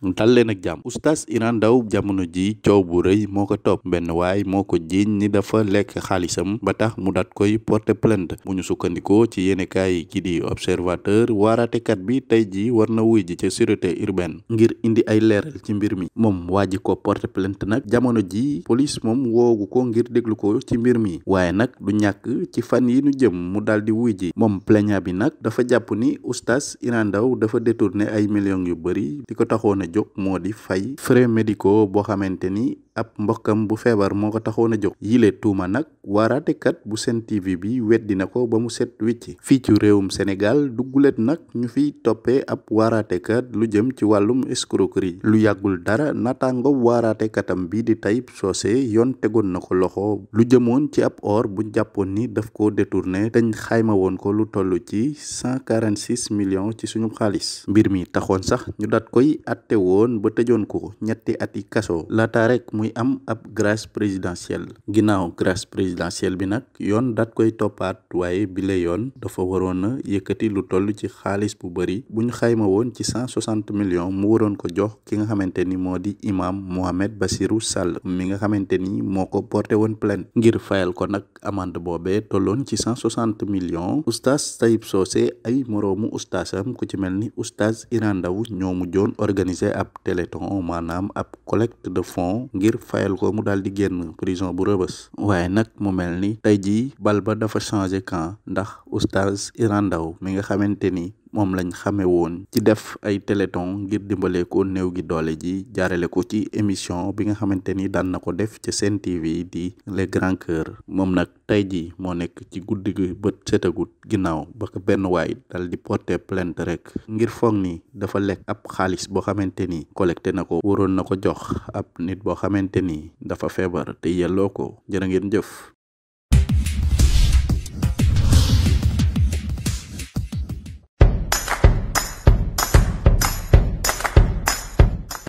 dal leen ak jàmm oustaz irandaw jamono ji coow bu rëy moo ko topp benn waay moo ko jiiñ ni dafa lekk xaalisam ba tax mu daat koy porter plainte bu ñu sukkandikoo ci yéenekaay ki di observateur waaraatekat bi tey ji war na wuy ji ca sûreté urbaine ngir indi ay leeral ci mbir mi moom waa ko porter plainte nag jamono ji police moom woogu ko ngir déglu ko ci mbir mi waaye nag du ñàkk ci fan yi nu jëm mu daal di wuy ji moom plaignant bi nag dafa jàpp ni oustaz Iran Ndao dafa détourné ay millions yu bëri di ko jóg moo di fay frais médicaux boo xamante ni ab mbokkam bu feebar moo ko taxoon a jóg yile tuuma nag waratekat bu seen tv bi weddi na ko ba mu set wicc fii ci réewum Sénégal duggulet nag ñu fiy toppee ab waaraatekat lu jëm ci wàllum escroquerie lu yàggul dara naataango waaraateekatam bi di Tayib Socé yoon tegoon na ko loxo lu jëmoon ci ab or bu jàppoon ni daf ko détourné dañ xayma woon ko lu toll ci 146 millions ci suñu xaalis mbir mi taxoon sax ñu dat koy atte woon ba tejoon ko ñetti ati kaso laata muy am ab grâce présidentielle ginnaaw grâce présidentielle bi nag yoon daat koy toppaat waaye bile yoon dafa waroon a yëkkati lu toll ci xaalis bu bëri bu ñu xayma woon ci cent soixante millions mu waroon ko jox ki nga xamante ni moo di imam Mohamed Bassirou Sall mi nga xamante ni moo ko porté woon plainte ngir fayal ko nag amande boobe tolloon ci cent soixante millions oustaz Taïb Socé ay moroomu oustazam ko ci mel ni oustaz Iran Ndaw ñoo mujjoon organiser ab téléthon maanaam ab collecte ngir ko mu daal di génn prison bu rëbës waaye nag mu mel ni tey jii bal ba dafa changé camp ndax oustaz Iran Ndao mi nga xamante ni moom lañ xamee woon ci def ay téléthon ngir dimbalee ko néew gi doole ji jaarale ko ci émission bi nga xamante ni daan na ko def ca seen TV di les grands cœurs moom nag tey ji moo nekk ci guddi gi bët setagut ginnaaw ba ko benn waay dal di porter plainte rek ngir foog ni dafa lekk ab xaalis boo xamante ni collecté na ko waroon na ko jox ab nit boo xamante ni dafa feebar te yelloo ko jërë ngeen jëf.